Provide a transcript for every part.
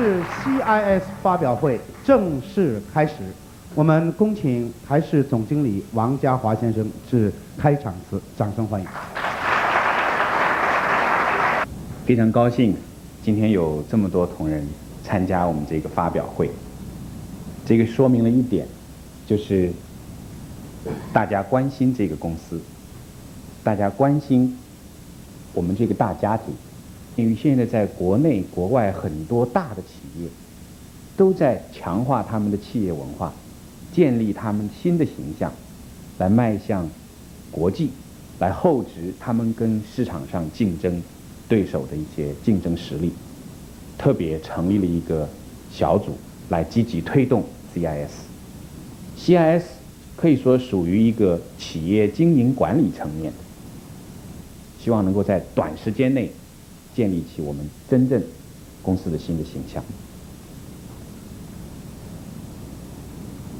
是 CIS 發表會正式開始，我們恭請台視總經理王家華先生致開場詞，掌聲歡迎。非常高興，今天有這麼多同仁參加我們這個發表會，這個說明了一點，就是大家關心這個公司，大家關心我們這個大家庭。因為現在在國內、國外很多大的企業都在強化他們的企業文化，建立他們新的形象，來邁向國際，來厚植他們跟市場上競爭對手的一些競爭實力，特別成立了一個小組來積極推動 CIS。CIS 可以說屬於一個企業經營管理層面的，希望能夠在短時間內。建立起我們真正公司的新的形象。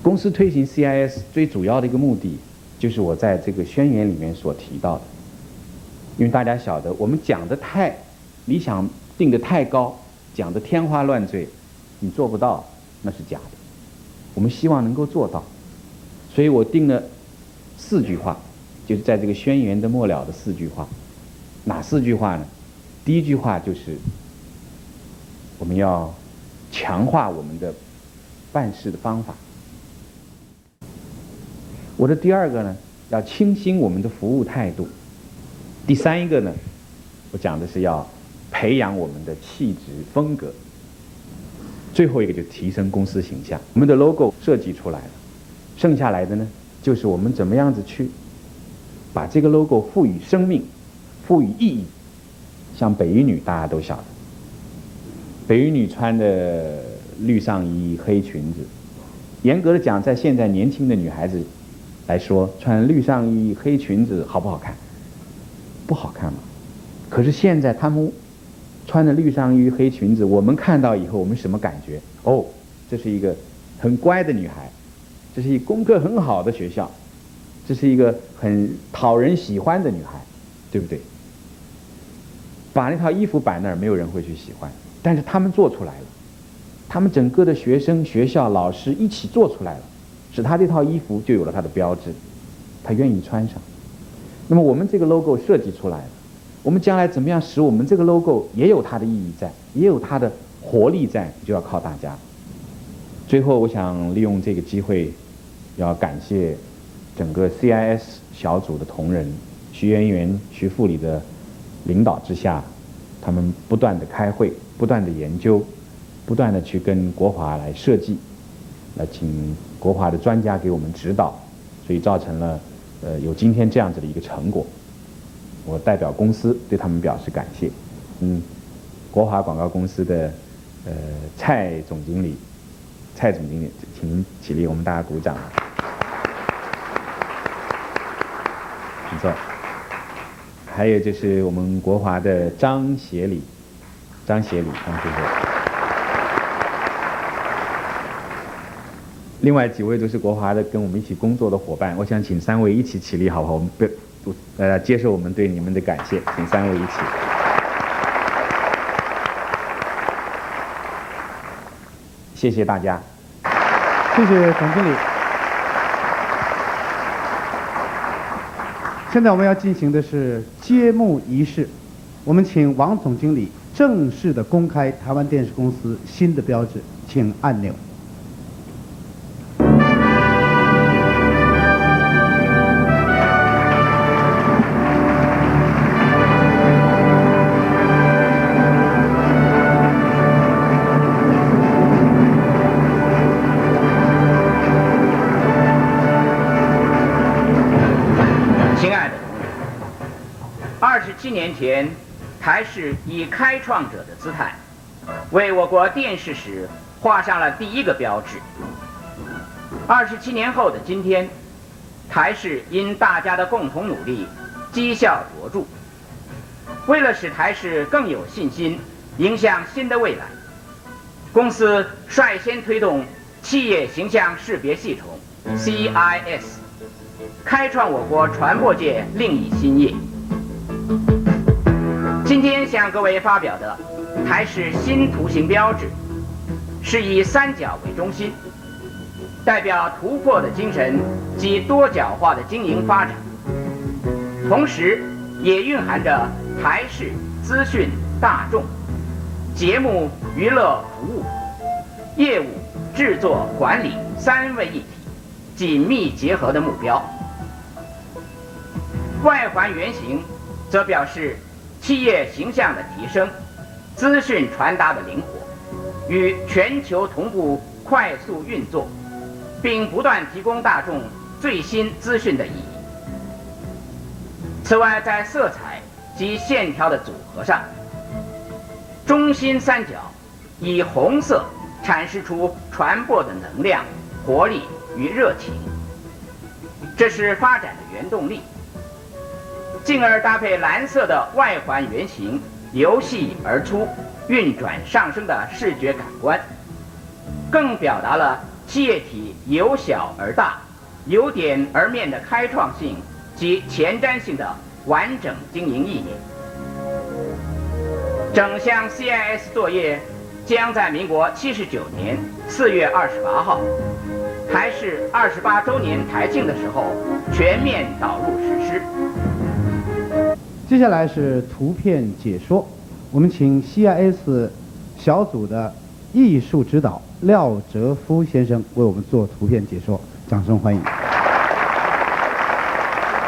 公司推行 CIS 最主要的一個目的，就是我在這個宣言裡面所提到的。因為大家曉得，我們講的太理想，定的太高，講的天花亂墜，你做不到那是假的。我們希望能夠做到，所以我定了四句話，就是在這個宣言的末了的四句話。哪四句話呢？第一句話就是，我們要強化我們的辦事的方法。我的第二個呢，要清新我們的服務態度。第三一個呢，我講的是要培養我們的氣質風格。最後一個就提升公司形象。我們的 logo 設計出來了，剩下來的呢，就是我們怎麼樣子去把這個 logo 賦予生命，賦予意義。像北一女，大家都曉得。北一女穿的綠上衣黑裙子，嚴格的講，在現在年輕的女孩子來說，穿綠上衣、黑裙子好不好看？不好看嘛。可是現在她們穿的綠上衣、黑裙子，我們看到以後，我們什麼感覺？哦，這是一個很乖的女孩，這是一個功課很好的學校，這是一個很討人喜歡的女孩，對不對？把那套衣服擺那兒，沒有人會去喜歡。但是他們做出來了，他們整個的學生、學校、老師一起做出來了，使他這套衣服就有了他的標誌，他願意穿上。那麼我們這個 logo 設計出來了，我們將來怎麼樣使我們這個 logo 也有它的意義在，也有它的活力在，就要靠大家。最後，我想利用這個機會，要感謝整個 CIS 小組的同仁，徐媛媛、徐富里的，領導之下，他們不斷的開會，不斷的研究，不斷的去跟國華來設計，來請國華的專家給我們指導，所以造成了，呃，有今天這樣子的一個成果。我代表公司對他們表示感謝。嗯，國華廣告公司的呃蔡總經理，蔡總經理，請您起立，我們大家鼓掌。請坐。 還有就是我們國華的張協理，張協理，張協叔。另外幾位都是國華的，跟我們一起工作的夥伴，我想請三位一起起立，好不好？我們不呃大家接受我們對你們的感謝，請三位一起。謝謝大家。謝謝總經理。現在我們要進行的是揭幕儀式，我們請王總經理正式的公開台灣電視公司新的標誌，請按鈕。開創者的姿態，為我國電視史畫上了第一個標誌。二十七年後的今天，台視因大家的共同努力，績效卓著。為了使台視更有信心，迎向新的未來，公司率先推動企業形象識別系統 （CIS），開創我國傳播界另一新業。今天向各位發表的台視新圖形標誌，是以三角為中心，代表突破的精神及多角化的經營發展，同時也蘊含着台視資訊大眾節目娛樂服務業務製作管理三位一體緊密結合的目標。外環圓形，則表示，企業形象的提升，資訊傳達的靈活，與全球同步快速運作，並不斷提供大眾最新資訊的意義。此外，在色彩及線條的組合上，中心三角以紅色闡釋出傳播的能量、活力與熱情，這是發展的原動力。進而搭配藍色的外環圓形，由細而粗，運轉上升的視覺感官，更表達了企業體由小而大，由點而面的開創性及前瞻性的完整經營意念。整項 CIS 作業將在民國七十九年四月二十八號，還是二十八週年台慶的時候，全面導入實施。接下來是圖片解說，我們請 CIS 小組的藝術指導廖哲夫先生為我們做圖片解說，掌聲歡迎。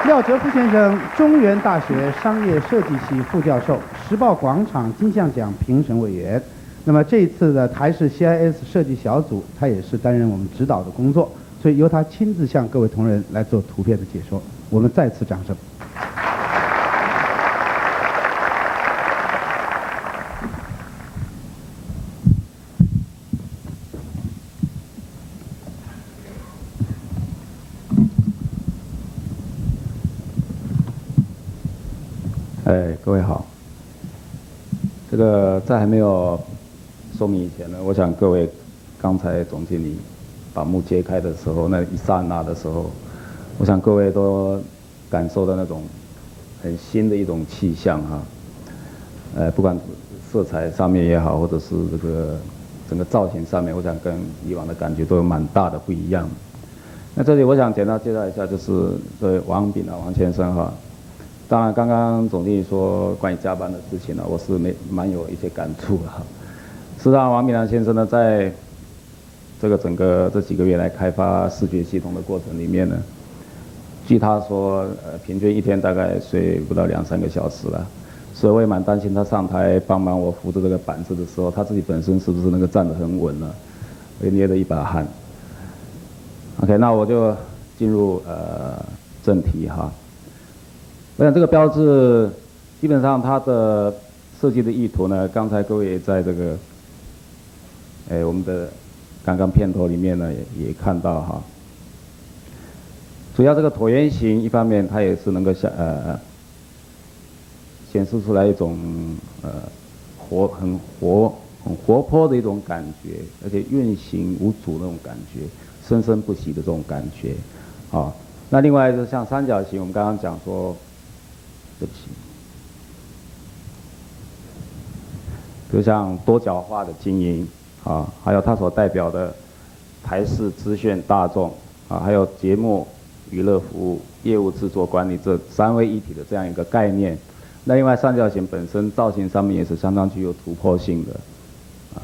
廖哲夫先生，中原大學商業設計系副教授，時報廣場金像獎評審委員。那麼這一次的台視 CIS 設計小組，他也是擔任我們指導的工作，所以由他親自向各位同仁來做圖片的解說，我們再次掌聲。在還沒有說明以前呢，我想各位剛才總經理把幕揭開的時候，那一剎那的時候，我想各位都感受到那種很新的一種氣象哈、啊。呃，不管色彩上面也好，或者是這個整個造型上面，我想跟以往的感覺都有蠻大的不一樣。那這裡我想簡單介紹一下，就是這位王炳啊，王先生哈、啊。當然，剛剛總經理說關於加班的事情呢、啊，我是沒蠻有一些感觸了、啊。事實際上，王炳南先生呢，在這個整個這幾個月來開發視覺系統的過程裡面呢，據他說，呃，平均一天大概睡不到兩三個小時了。所以我也蠻擔心他上台幫忙我扶着這個板子的時候，他自己本身是不是那個站得很穩呢？我也捏着一把汗。OK，那我就進入呃正題哈、啊。我這個標誌，基本上它的設計的意圖呢，剛才各位也在這個，哎，我們的剛剛片頭裡面呢也也看到哈。主要這個橢圓形，一方面它也是能夠顯呃顯示出來一種呃活很活很活潑的一種感覺，而且運行無阻那種感覺，生生不息的這種感覺，啊、哦。那另外就是像三角形，我們剛剛講說。不比如像多角化的經營啊，還有它所代表的台視資訊大眾啊，還有節目、娛樂服務、業務製作管理這三位一體的這樣一個概念。那另外三角形本身造型上面也是相當具有突破性的啊。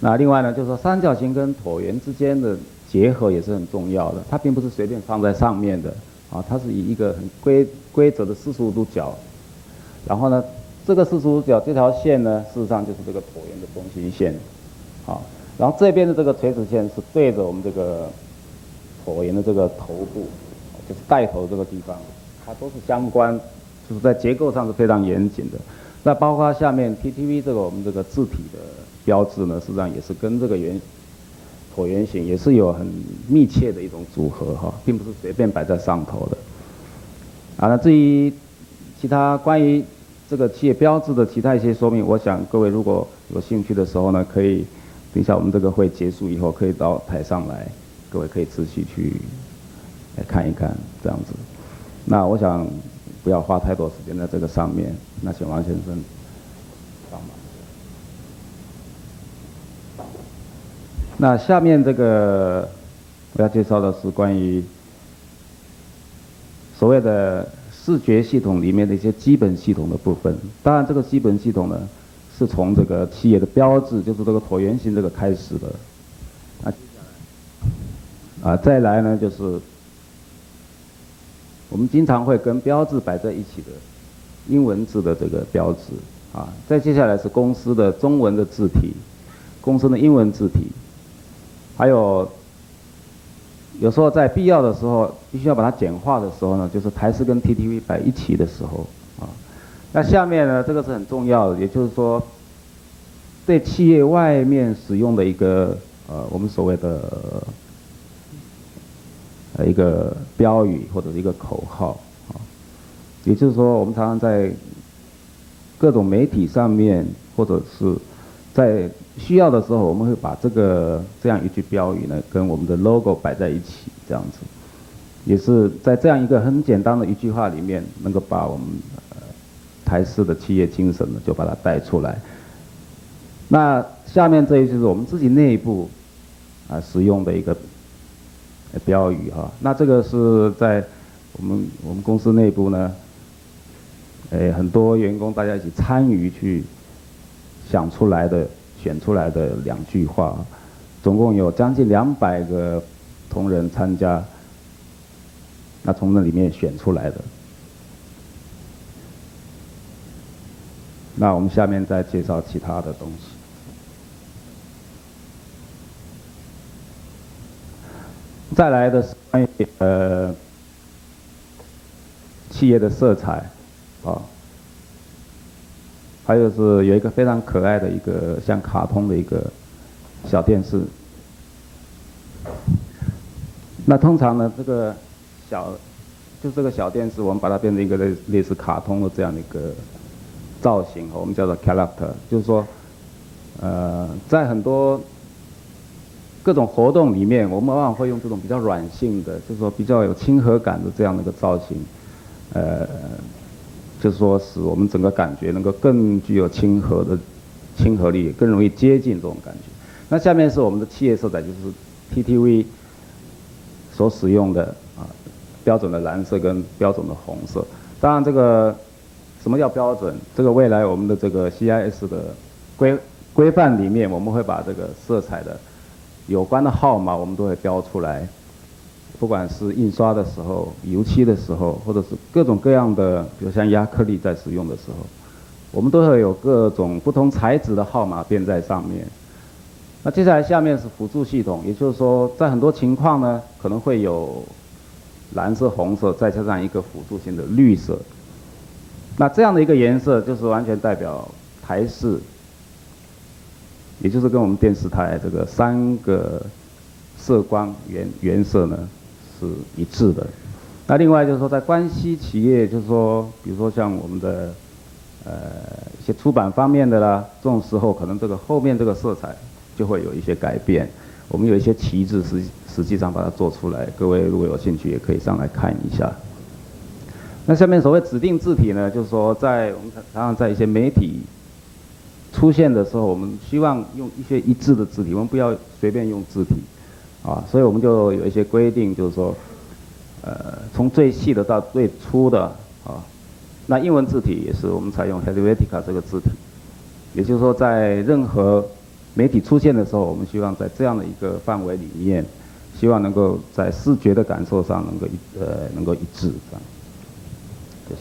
那另外呢，就是說三角形跟橢圓之間的結合也是很重要的，它並不是隨便放在上面的啊，它是以一個很規。規則的四十五度角，然後呢，這個四十五度角這條線呢，事實上就是這個橢圓的中心線，好，哦，然後這邊的這個垂直線是對着我們這個橢圓的這個頭部，哦，就是帶頭這個地方，它都是相關，就是在結構上是非常嚴謹的。那包括下面 TTV 這個我們這個字體的標誌呢，實際上也是跟這個圓橢圓形也是有很密切的一種組合哈，哦，並不是隨便擺在上頭的。啊，那至於其他關於這個企業標誌的其他一些說明，我想各位如果有興趣的時候呢，可以等一下我們這個會結束以後，可以到台上來，各位可以自己去來看一看這樣子。那我想不要花太多時間在這個上面。那請王先生上吧。那下面這個我要介紹的是關於。所謂的視覺系統裡面的一些基本系統的部分，當然這個基本系統呢，是從這個企業的標誌，就是這個橢圓形這個開始的，那，接下來，啊，再來呢就是，我們經常會跟標誌擺在一起的英文字的這個標誌，啊，再接下來是公司的中文的字體，公司的英文字體，還有。有時候在必要的時候，必須要把它簡化的時候呢，就是台視跟 TTV 擺一起的時候啊。那下面呢，這個是很重要的，也就是說，對企業外面使用的一個呃、啊，我們所謂的呃、啊、一個標語或者是一個口號啊，也就是說，我們常常在各種媒體上面或者是。在需要的時候，我們會把這個這樣一句標語呢，跟我們的 logo 擺在一起，這樣子，也是在這樣一個很簡單的一句話裡面，能夠把我們、呃、台視的企業精神呢，就把它帶出來。那下面這一句是我們自己內部啊、呃、使用的一個、呃、標語哈、啊。那這個是在我們我們公司內部呢，哎、呃，很多員工大家一起參與去。想出來的、選出來的兩句話，總共有將近兩百個同仁參加，那從那裡面選出來的。那我們下面再介紹其他的東西，再來的是關於呃企業的色彩，啊、哦。還有是有一個非常可愛的一個像卡通的一個小電視，那通常呢，這個小就這個小電視，我們把它變成一個類類似卡通的這樣的一個造型，我們叫做 character，就是說，呃，在很多各種活動裡面，我們往往會用這種比較軟性的，就是說比較有親和感的這樣的一個造型，呃。就是說，使我們整個感覺能夠更具有親和的親和力，更容易接近這種感覺。那下面是我們的企業色彩，就是 TTV 所使用的啊標準的藍色跟標準的紅色。當然，這個什麼叫標準？這個未來我們的這個 C I S 的規規範裡面，我們會把這個色彩的有關的號碼，我們都會標出來。不管是印刷的時候、油漆的時候，或者是各種各樣的，比如像亞克力在使用的時候，我們都會有各種不同材質的號碼墊在上面。那接下來下面是輔助系統，也就是說，在很多情況呢，可能會有藍色、紅色，再加上一個輔助性的綠色。那這樣的一個顏色就是完全代表台視，也就是跟我們電視台這個三個色光原、原色呢，是一致的，那另外就是說，在關係企業，就是說，比如說像我們的，呃，一些出版方面的啦，這種時候可能這個後面這個色彩就會有一些改變。我們有一些旗幟實實際上把它做出來，各位如果有興趣也可以上來看一下。那下面所謂指定字體呢，就是說在我們常常在一些媒體出現的時候，我們希望用一些一致的字體，我們不要隨便用字體。啊，所以我們就有一些規定，就是說，呃，從最細的到最粗的啊，那英文字體也是我們採用 Helvetica 這個字體，也就是說，在任何媒體出現的時候，我們希望在這樣的一個範圍裡面，希望能夠在視覺的感受上能夠一呃能夠一致這樣。謝謝。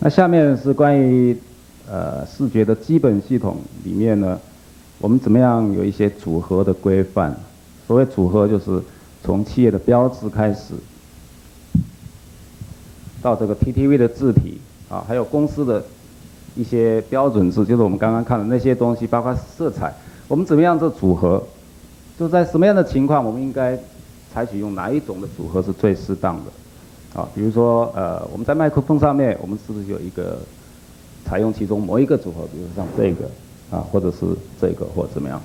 那下面是關於呃視覺的基本系統裡面呢。我們怎麼樣有一些組合的規範？所謂組合，就是從企業的標誌開始，到這個 TTV 的字體啊，還有公司的一些標準字，就是我們剛剛看的那些東西，包括色彩。我們怎麼樣做組合？就在什麼樣的情況，我們應該採取用哪一種的組合是最適當的啊？比如說，呃，我們在麥克風上面，我們是不是有一個採用其中某一個組合？比如像這個。啊，或者是這個，或者怎麼樣？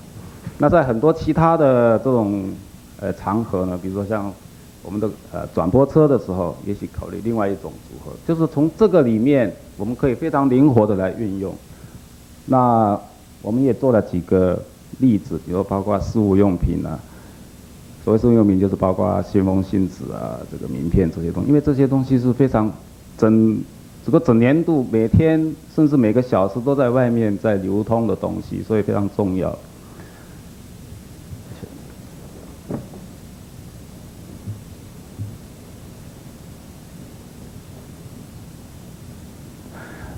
那在很多其他的這種呃場合呢，比如說像我們的呃轉播車的時候，也許考慮另外一種組合，就是從這個裡面我們可以非常靈活的來運用。那我們也做了幾個例子，比如說包括事務用品啊，所謂事務用品就是包括信封、信紙啊，這個名片這些東西，因為這些東西是非常真。這個整年度每天甚至每個小時都在外面、在流通的東西，所以非常重要。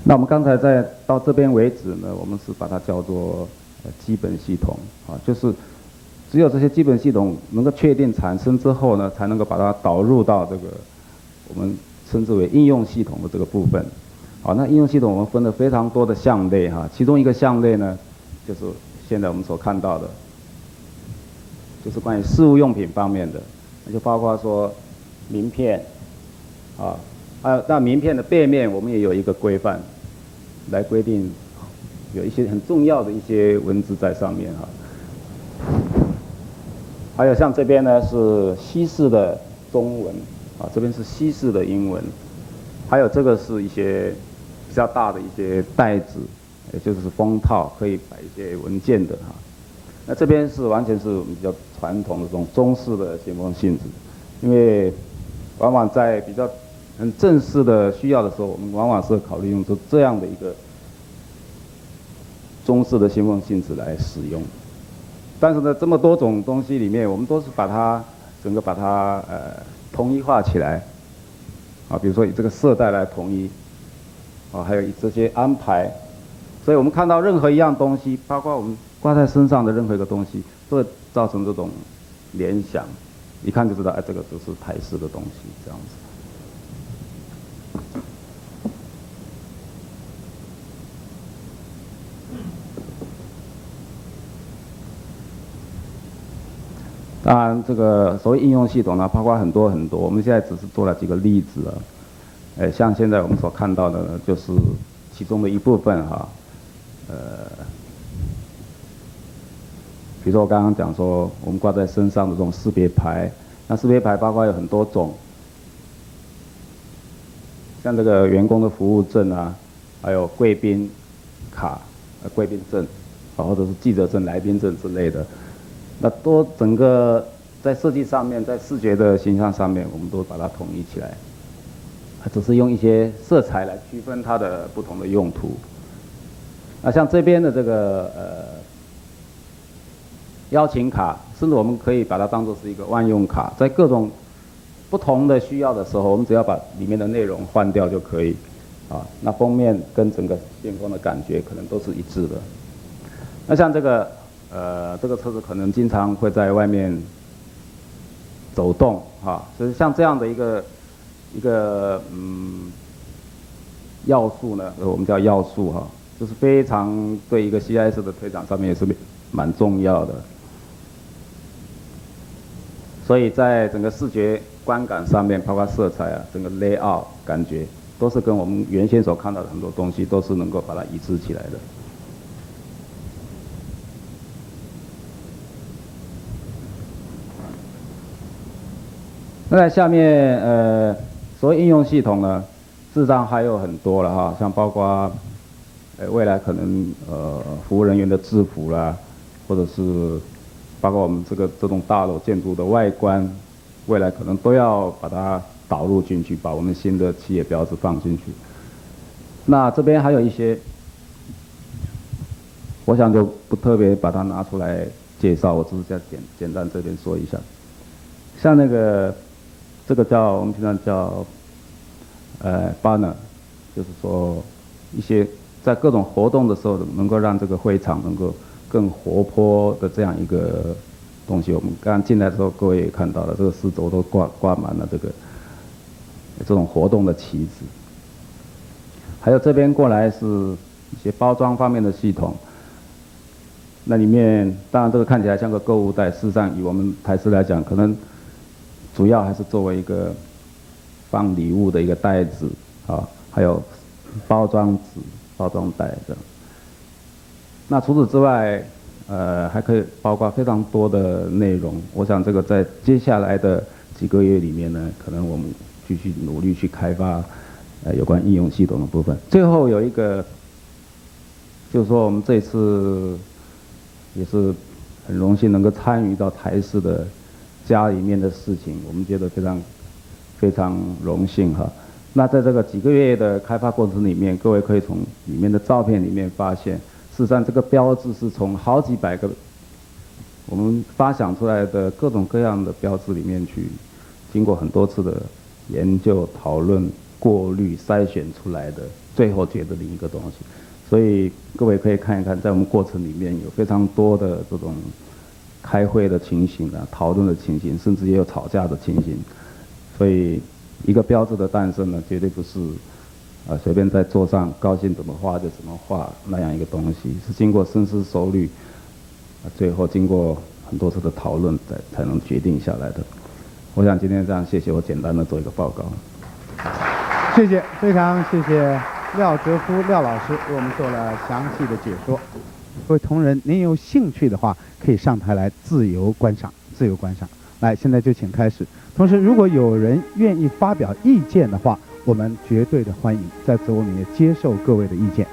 那我們剛才在到這邊為止呢，我們是把它叫做基本系統啊，就是只有這些基本系統能夠確定產生之後呢，才能夠把它導入到這個我們。稱之為應用系統的這個部分，啊，那應用系統我們分了非常多的項類哈，其中一個項類呢，就是現在我們所看到的，就是關於事務用品方面的，那就包括說名片，啊，啊，那名片的背面我們也有一個規範，來規定有一些很重要的一些文字在上面哈，還有像這邊呢是西式的中文。啊，這邊是西式的英文，還有這個是一些比較大的一些袋子，也就是封套，可以擺一些文件的哈，啊。那這邊是完全是我們比較傳統的這種中式的信封信紙，因為往往在比較很正式的需要的時候，我們往往是考慮用出這樣的一個中式的信封信紙來使用。但是呢，這麼多種東西裡面，我們都是把它整個把它呃。統一化起來，啊，比如說以這個色帶來統一，啊，還有以這些安排，所以我們看到任何一樣東西，包括我們掛在身上的任何一個東西，都會造成這種聯想，一看就知道，哎，這個就是台視的東西，這樣子。當然，這個所謂應用系統呢，包括很多很多。我們現在只是做了幾個例子，啊，呃、欸，像現在我們所看到的呢，就是其中的一部分哈，啊。呃，比如說我剛剛講說，我們掛在身上的這種識別牌，那識別牌包括有很多種，像這個員工的服務證啊，還有貴賓卡、呃貴賓證，啊或者是記者證、來賓證之類的。那多，整個在設計上面，在視覺的形象上面，我們都把它統一起來，只是用一些色彩來區分它的不同的用途。那像這邊的這個呃邀請卡，甚至我們可以把它當做是一個萬用卡，在各種不同的需要的時候，我們只要把裡面的內容換掉就可以。啊，那封面跟整個邊框的感覺可能都是一致的。那像這個。呃，這個車子可能經常會在外面走動，哈、啊，所以像這樣的一個一個嗯要素呢、呃，我們叫要素哈、啊，就是非常對一個 CIS 的推展上面也是蠻重要的。所以在整個視覺觀感上面，包括色彩啊，整個 layout 感覺，都是跟我們原先所看到的很多東西都是能夠把它移植起來的。那下面呃，所謂應用系統呢，智障還有很多了哈，像包括，呃，未來可能呃，服務人員的制服啦，或者是，包括我們這個這棟大樓建築的外觀，未來可能都要把它導入進去，把我們新的企業標誌放進去。那這邊還有一些，我想就不特別把它拿出來介紹，我只是再簡簡單這邊說一下，像那個。這個叫我們平常叫，呃，banner，就是說一些在各種活動的時候，能夠讓這個會場能夠更活潑的這樣一個東西。我們剛剛進來的時候，各位也看到了，這個四周都掛掛滿了這個這種活動的旗子。還有這邊過來是一些包裝方面的系統，那裡面當然這個看起來像個購物袋，事實上以我們台視來講，可能。主要還是作為一個放禮物的一個袋子啊，還有包裝紙、包裝袋這樣。那除此之外，呃，還可以包括非常多的內容。我想這個在接下來的幾個月裡面呢，可能我們繼續努力去開發，呃，有關應用系統的部分。最後有一個，就是說我們這次也是很榮幸能夠參與到台視的。家裡面的事情，我們覺得非常非常榮幸哈。那在這個幾個月的開發過程裡面，各位可以從裡面的照片裡面發現，事實上這個標誌是從好幾百個我們發想出來的各種各樣的標誌裡面去，經過很多次的研究討論、過濾篩選出來的，最後覺得的一個東西。所以各位可以看一看，在我們過程裡面有非常多的這種。開會的情形呢、啊，討論的情形，甚至也有吵架的情形，所以一個標誌的誕生呢，絕對不是，啊，隨便在桌上高興怎麼畫就怎麼畫那樣一個東西，是經過深思熟慮，啊，最後經過很多次的討論才才能決定下來的。我想今天這樣，謝謝我簡單的做一個報告。謝謝，非常謝謝廖哲夫廖老師為我們做了詳細的解說。各位同仁，您有興趣的話，可以上台來自由觀賞，自由觀賞。來，現在就請開始。同時，如果有人願意發表意見的話，我們絕對的歡迎。在此，我們也接受各位的意見。